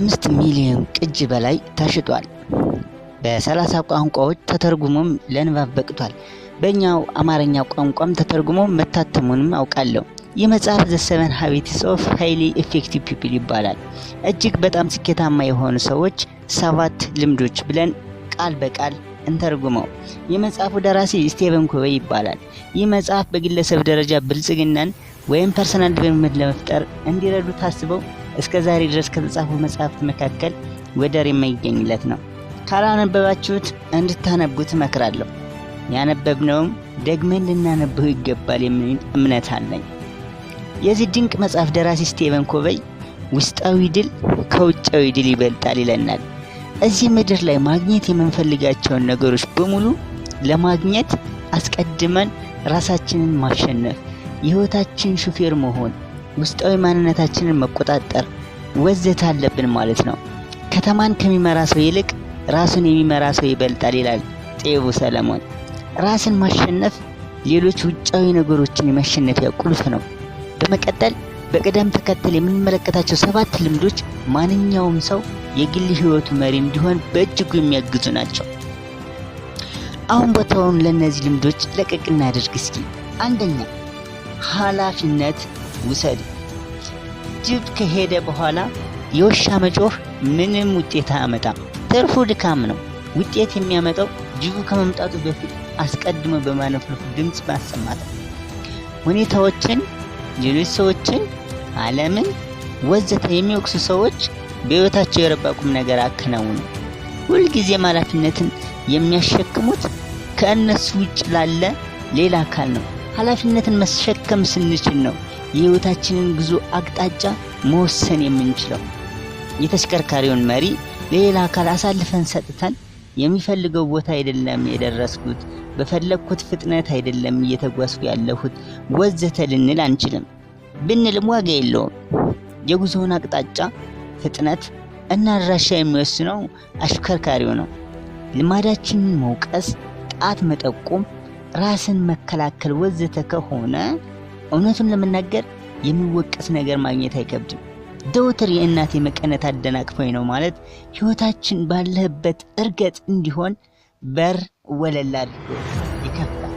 ከአምስት ሚሊዮን ቅጅ በላይ ተሽጧል። በሰላሳ ቋንቋዎች ተተርጉሞም ለንባብ በቅቷል። በእኛው አማርኛ ቋንቋም ተተርጉሞ መታተሙንም አውቃለሁ። ይህ መጽሐፍ ዘሰበን ሀቢትስ ኦፍ ሃይሊ ኤፌክቲቭ ፒፕል ይባላል። እጅግ በጣም ስኬታማ የሆኑ ሰዎች ሰባት ልምዶች ብለን ቃል በቃል እንተርጉመው። የመጽሐፉ ደራሲ ስቴቨን ኮቨይ ይባላል። ይህ መጽሐፍ በግለሰብ ደረጃ ብልጽግናን ወይም ፐርሰናል ዲቨሎፕመንት ለመፍጠር እንዲረዱ ታስበው እስከ ዛሬ ድረስ ከተጻፉ መጽሐፍት መካከል ወደር የማይገኝለት ነው። ካላነበባችሁት እንድታነቡት እመክራለሁ። ያነበብነውም ደግመን ልናነበው ይገባል የሚል እምነት አለኝ። የዚህ ድንቅ መጽሐፍ ደራሲ ስቴቨን ኮቨይ ውስጣዊ ድል ከውጫዊ ድል ይበልጣል ይለናል። እዚህ ምድር ላይ ማግኘት የምንፈልጋቸውን ነገሮች በሙሉ ለማግኘት አስቀድመን ራሳችንን ማሸነፍ፣ የህይወታችን ሹፌር መሆን፣ ውስጣዊ ማንነታችንን መቆጣጠር ወዘት አለብን ማለት ነው። ከተማን ከሚመራ ሰው ይልቅ ራሱን የሚመራ ሰው ይበልጣል ይላል ጤቡ ሰለሞን። ራስን ማሸነፍ ሌሎች ውጫዊ ነገሮችን የማሸነፊያ ቁልፍ ነው። በመቀጠል በቅደም ተከተል የምንመለከታቸው ሰባት ልምዶች ማንኛውም ሰው የግል ህይወቱ መሪ እንዲሆን በእጅጉ የሚያግዙ ናቸው። አሁን ቦታውን ለእነዚህ ልምዶች ለቀቅ እናደርግ እስኪ። አንደኛ ኃላፊነት ውሰድ። ጅብ ከሄደ በኋላ የውሻ መጮህ ምንም ውጤት አያመጣም። ትርፉ ድካም ነው። ውጤት የሚያመጣው ጅቡ ከመምጣቱ በፊት አስቀድሞ በማለፍለፉ ድምፅ ማሰማት፣ ሁኔታዎችን፣ ሌሎች ሰዎችን፣ ዓለምን ወዘተ የሚወቅሱ ሰዎች በሕይወታቸው የረባ ቁም ነገር አከናውኑ። ሁልጊዜም ኃላፊነትን የሚያሸክሙት ከእነሱ ውጭ ላለ ሌላ አካል ነው። ኃላፊነትን መሸከም ስንችል ነው የሕይወታችንን ጉዞ አቅጣጫ መወሰን የምንችለው። የተሽከርካሪውን መሪ ለሌላ አካል አሳልፈን ሰጥተን የሚፈልገው ቦታ አይደለም የደረስኩት፣ በፈለግኩት ፍጥነት አይደለም እየተጓዝኩ ያለሁት ወዘተ ልንል አንችልም። ብንልም ዋጋ የለውም። የጉዞውን አቅጣጫ፣ ፍጥነት እና አድራሻ የሚወስነው አሽከርካሪው ነው። ልማዳችንን መውቀስ፣ ጣት መጠቆም፣ ራስን መከላከል ወዘተ ከሆነ እውነቱን ለመናገር የሚወቀስ ነገር ማግኘት አይከብድም። ደውትር የእናቴ መቀነት አደናቅፎኝ ነው ማለት ሕይወታችን ባለህበት እርገጥ እንዲሆን በር ወለል አድርጎ ይከፍታል።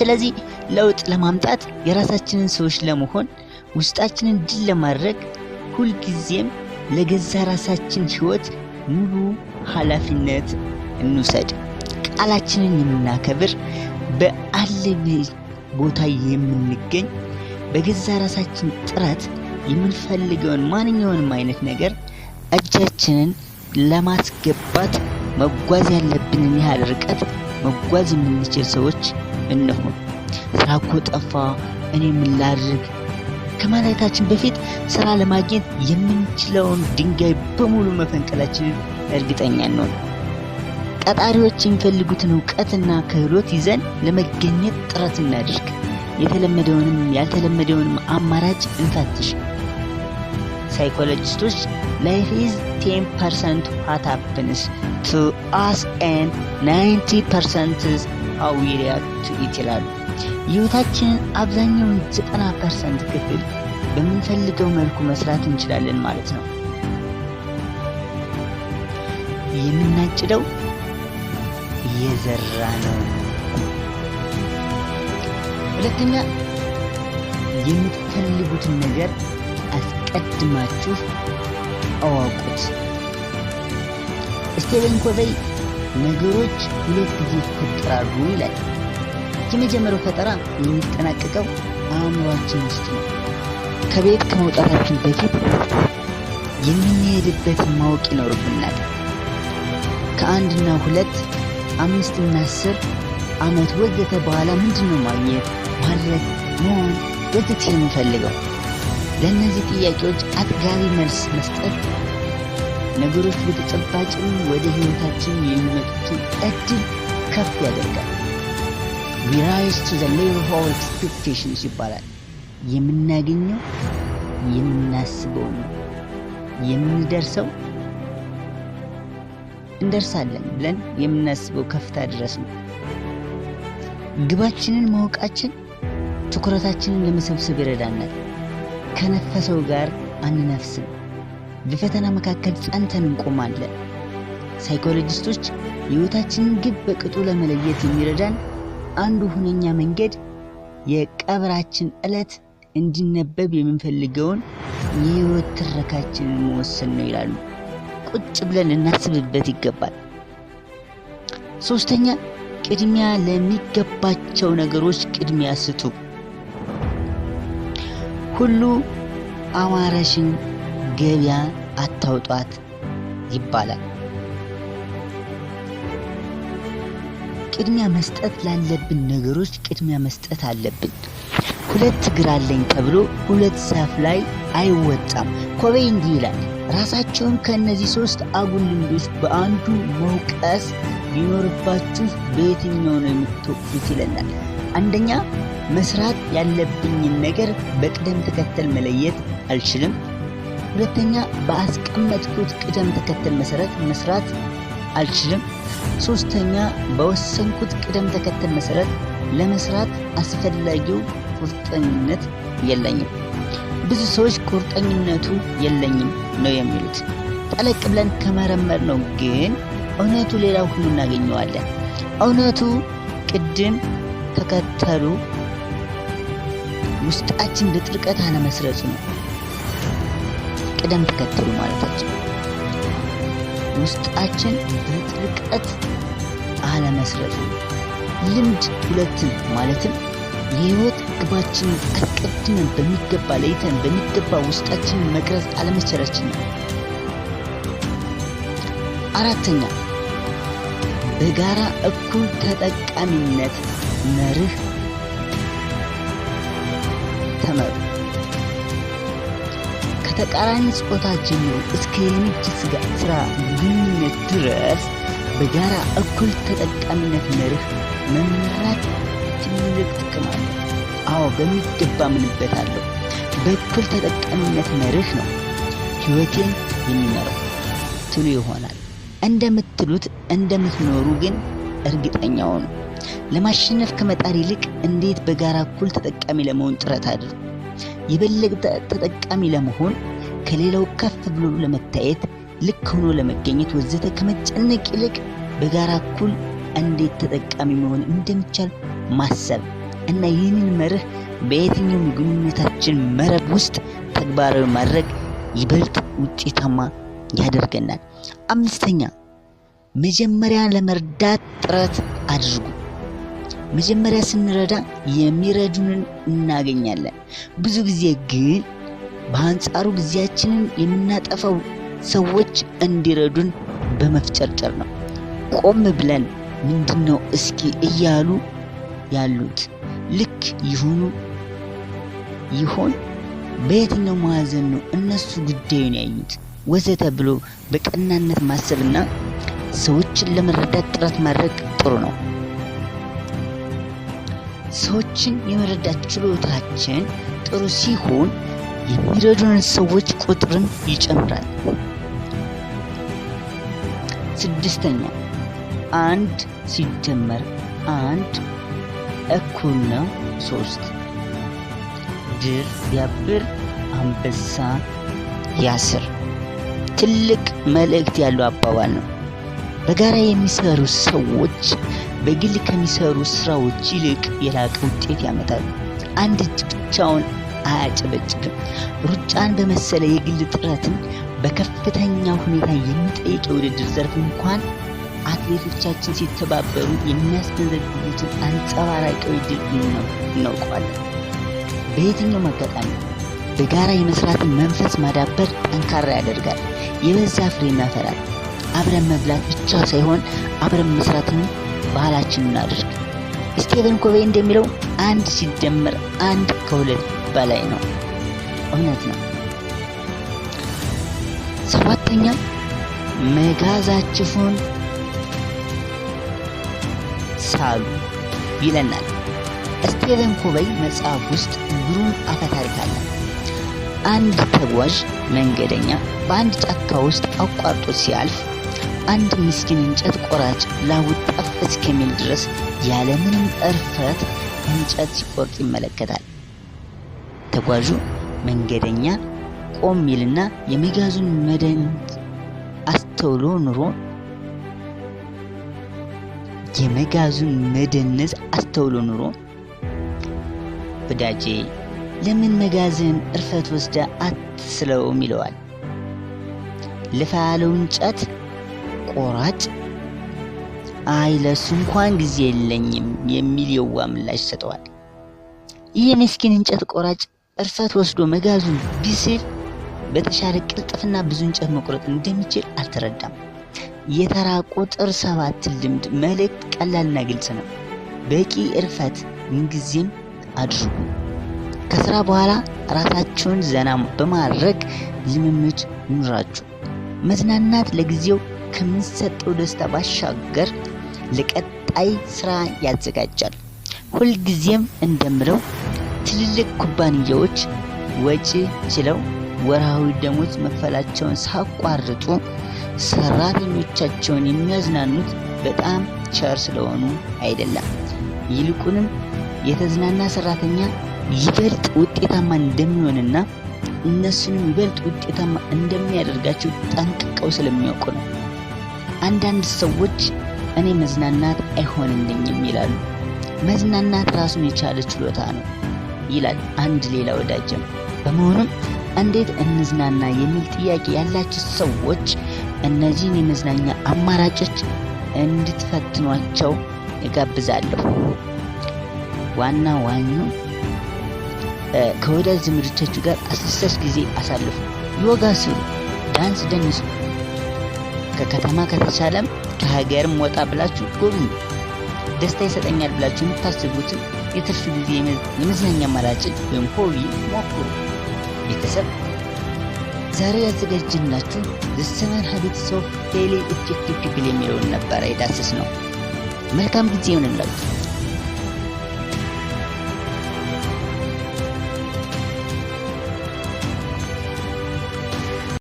ስለዚህ ለውጥ ለማምጣት የራሳችንን ሰዎች ለመሆን ውስጣችንን ድል ለማድረግ ሁልጊዜም ለገዛ ራሳችን ሕይወት ሙሉ ኃላፊነት እንውሰድ። ቃላችንን የምናከብር በአለብኝ ቦታ የምንገኝ በገዛ ራሳችን ጥረት የምንፈልገውን ማንኛውንም አይነት ነገር እጃችንን ለማስገባት መጓዝ ያለብንን ያህል ርቀት መጓዝ የምንችል ሰዎች እንሆን። ስራ እኮ ጠፋ፣ እኔ ምን ላድርግ ከማለታችን በፊት ስራ ለማግኘት የምንችለውን ድንጋይ በሙሉ መፈንቀላችንን እርግጠኛ እንሆን። ቀጣሪዎች የሚፈልጉትን እውቀትና ክህሎት ይዘን ለመገኘት ጥረት እናድርግ። የተለመደውንም ያልተለመደውንም አማራጭ እንፈትሽ። ሳይኮሎጂስቶች ላይፍ ኢዝ 10 ፐርሰንት ዋት ሃፕንስ ቱ አስ ኤን 90 ፐርሰንት ሃው ዊ ሪያክት ይችላሉ። የህይወታችንን አብዛኛውን 90 ፐርሰንት ክፍል በምንፈልገው መልኩ መስራት እንችላለን ማለት ነው። የምናጭደው የዘራ ነው። ሁለተኛ የምትፈልጉትን ነገር አስቀድማችሁ አዋቁት። ስቴቨን ኮቬይ ነገሮች ሁለት ጊዜ ይፈጠራሉ ይላል። የመጀመሪያው ፈጠራ የሚጠናቀቀው አእምሯችን ውስጥ ነው። ከቤት ከመውጣታችን በፊት የምንሄድበትን ማወቅ ይኖርብናል። ከአንድና ሁለት አምስትና አስር ዓመት ወዘተ በኋላ ምንድን ነው ማግኘት ማድረግ መሆን ወዘተ የምፈልገው? ለእነዚህ ጥያቄዎች አጥጋቢ መልስ መስጠት ነገሮች በተጨባጭም ወደ ሕይወታችን የሚመጡትን እድል ከፍ ያደርጋል። ራይዝ ቱ ዘ ሌቭል ኦፍ ኤክስፔክቴሽንስ ይባላል። የምናገኘው የምናስበው ነው የምንደርሰው እንደርሳለን ብለን የምናስበው ከፍታ ድረስ ነው። ግባችንን ማወቃችን ትኩረታችንን ለመሰብሰብ ይረዳናል። ከነፈሰው ጋር አንነፍስም። በፈተና መካከል ጸንተን እንቆማለን። ሳይኮሎጂስቶች ሕይወታችንን ግብ በቅጡ ለመለየት የሚረዳን አንዱ ሁነኛ መንገድ የቀብራችን ዕለት እንዲነበብ የምንፈልገውን የሕይወት ትረካችንን መወሰን ነው ይላሉ። ቁጭ ብለን እናስብበት ይገባል። ሶስተኛ ቅድሚያ ለሚገባቸው ነገሮች ቅድሚያ ስቱ ሁሉ አማረሽን ገበያ አታውጧት ይባላል። ቅድሚያ መስጠት ላለብን ነገሮች ቅድሚያ መስጠት አለብን። ሁለት እግር አለኝ ተብሎ ሁለት ዛፍ ላይ አይወጣም። ኮበይ እንዲህ ይላል። ራሳቸውን ከእነዚህ ሶስት አጉል ልምዶች በአንዱ መውቀስ ቢኖርባችሁ በየትኛው ነው የምትወቅሱት ይለናል። አንደኛ መስራት ያለብኝን ነገር በቅደም ተከተል መለየት አልችልም። ሁለተኛ በአስቀመጥኩት ቅደም ተከተል መሰረት መስራት አልችልም። ሶስተኛ በወሰንኩት ቅደም ተከተል መሰረት ለመስራት አስፈላጊው ቁርጠኝነት የለኝም። ብዙ ሰዎች ቁርጠኝነቱ የለኝም ነው የሚሉት። ጠለቅ ብለን ከመረመር ነው ግን እውነቱ ሌላ ሁሉ እናገኘዋለን። እውነቱ ቅድም ተከተሉ ውስጣችን በጥልቀት አለመስረጹ ነው። ቅደም ተከተሉ ማለታችን ውስጣችን በጥልቀት አለመስረጹ ልምድ ሁለትን ማለትም የህይወት ግባችንን አስቀድመን በሚገባ ለይተን በሚገባ ውስጣችንን መቅረጽ አለመቻላችን ነው። አራተኛ በጋራ እኩል ተጠቃሚነት መርህ ተመሩ። ከተቃራኒ ጾታ ጀምሮ እስከ የንግድ ስራ ግንኙነት ድረስ በጋራ እኩል ተጠቃሚነት መርህ መመራት ትልቅ ጥቅም አለው። አዎ በሚገባ ምንበታለሁ። በኩል ተጠቃሚነት መርህ ነው ህይወቴን የሚመረው ትሉ ይሆናል። እንደምትሉት እንደምትኖሩ ግን እርግጠኛው ነው ለማሸነፍ ከመጣር ይልቅ እንዴት በጋራ እኩል ተጠቃሚ ለመሆን ጥረት አድርጉ። የበለጠ ተጠቃሚ ለመሆን ከሌላው ከፍ ብሎ ለመታየት፣ ልክ ሆኖ ለመገኘት ወዘተ ከመጨነቅ ይልቅ በጋራ እኩል እንዴት ተጠቃሚ መሆን እንደሚቻል ማሰብ እና ይህንን መርህ በየትኛውም የግንኙነታችን መረብ ውስጥ ተግባራዊ ማድረግ ይበልጥ ውጤታማ ያደርገናል። አምስተኛ መጀመሪያ ለመርዳት ጥረት አድርጉ። መጀመሪያ ስንረዳ የሚረዱንን እናገኛለን። ብዙ ጊዜ ግን በአንጻሩ ጊዜያችንን የምናጠፋው ሰዎች እንዲረዱን በመፍጨርጨር ነው። ቆም ብለን ምንድን ነው እስኪ እያሉ ያሉት ልክ ይሆኑ ይሆን? በየትኛው ማዕዘን ነው እነሱ ጉዳዩን ያዩት? ወዘተ ብሎ በቀናነት ማሰብና ሰዎችን ለመረዳት ጥረት ማድረግ ጥሩ ነው። ሰዎችን የመረዳት ችሎታችን ጥሩ ሲሆን የሚረዱን ሰዎች ቁጥርን ይጨምራል። ስድስተኛ አንድ ሲደመር አንድ እኩል ነው ሶስት ድር ቢያብር አንበሳ ያስር ትልቅ መልእክት ያለው አባባል ነው። በጋራ የሚሰሩ ሰዎች በግል ከሚሰሩ ስራዎች ይልቅ የላቀ ውጤት ያመጣሉ። አንድ እጅ ብቻውን አያጨበጭብም። ሩጫን በመሰለ የግል ጥረትን በከፍተኛ ሁኔታ የሚጠይቅ የውድድር ዘርፍ እንኳን አትሌቶቻችን ሲተባበሩ የሚያስመዘግቡትን አንጸባራቂያዊ ድል እናውቀዋለን። በየትኛውም አጋጣሚ በጋራ የመስራትን መንፈስ ማዳበር ጠንካራ ያደርጋል፣ የበዛ ፍሬ ያፈራል። አብረን መብላት ብቻ ሳይሆን አብረን መስራትን ባህላችን እናድርግ። ስቴቨን ኮቬ እንደሚለው አንድ ሲደመር አንድ ከሁለት በላይ ነው። እውነት ነው። ሰባተኛ መጋዛችሁን ሳሉ ይለናል። ስቴቨን ኮቨይ መጽሐፍ ውስጥ ግሩም አፈ ታሪክ አለ። አንድ ተጓዥ መንገደኛ በአንድ ጫካ ውስጥ አቋርጦ ሲያልፍ አንድ ምስኪን እንጨት ቆራጭ ላውጣፍ እስከሚል ድረስ ያለምንም እርፈት እንጨት ሲቆርጥ ይመለከታል። ተጓዡ መንገደኛ ቆም ይልና የመጋዙን መደንት አስተውሎ ኑሮ የመጋዙን መደነዝ አስተውሎ ኑሮ ወዳጄ ለምን መጋዝን እርፈት ወስደ አትስለውም ይለዋል። ልፋ ያለው እንጨት ቆራጭ አይ ለሱ እንኳን ጊዜ የለኝም የሚል የዋ ምላሽ ሰጠዋል። ይህ የምስኪን እንጨት ቆራጭ እርፈት ወስዶ መጋዙን ቢስል በተሻለ ቅልጥፍና ብዙ እንጨት መቁረጥ እንደሚችል አልተረዳም። የተራ ቁጥር ሰባት ልምድ መልእክት ቀላልና ግልጽ ነው። በቂ እርፈት ምንጊዜም አድርጉ። ከስራ በኋላ ራሳችሁን ዘና በማድረግ ልምምድ ኑራችሁ። መዝናናት ለጊዜው ከምንሰጠው ደስታ ባሻገር ለቀጣይ ስራ ያዘጋጃል። ሁልጊዜም እንደምለው ትልልቅ ኩባንያዎች ወጪ ችለው ወርሃዊ ደሞዝ መክፈላቸውን ሳቋርጡ ሰራተኞቻቸውን የሚያዝናኑት በጣም ቸር ስለሆኑ አይደለም። ይልቁንም የተዝናና ሰራተኛ ይበልጥ ውጤታማ እንደሚሆንና እነሱንም ይበልጥ ውጤታማ እንደሚያደርጋቸው ጠንቅቀው ስለሚያውቁ ነው። አንዳንድ ሰዎች እኔ መዝናናት አይሆንልኝም ይላሉ። መዝናናት ራሱን የቻለ ችሎታ ነው ይላል አንድ ሌላ ወዳጀም። በመሆኑም እንዴት እንዝናና የሚል ጥያቄ ያላችሁ ሰዎች እነዚህን የመዝናኛ አማራጮች እንድትፈትኗቸው እጋብዛለሁ። ዋና ዋኙ ከወዳጅ ዘመዶቻችሁ ጋር አስደሳች ጊዜ አሳልፉ። ዮጋ ስሩ፣ ዳንስ ደንሱ። ከከተማ ከተቻለም ከሀገርም ወጣ ብላችሁ ጎብኙ። ደስታ ይሰጠኛል ብላችሁ የምታስቡትን የትርፍ ጊዜ የመዝናኛ አማራጭን ወይም ሆቢ ሞክሩ። ቤተሰብ ዛሬ ያዘጋጅናችሁ የሰመርሃ ቤተሰብ ቴሌ ኢፌክቲቭ ክፍል የሚለውን ነበረ የዳሰስ ነው። መልካም ጊዜ ይሆንላችሁ።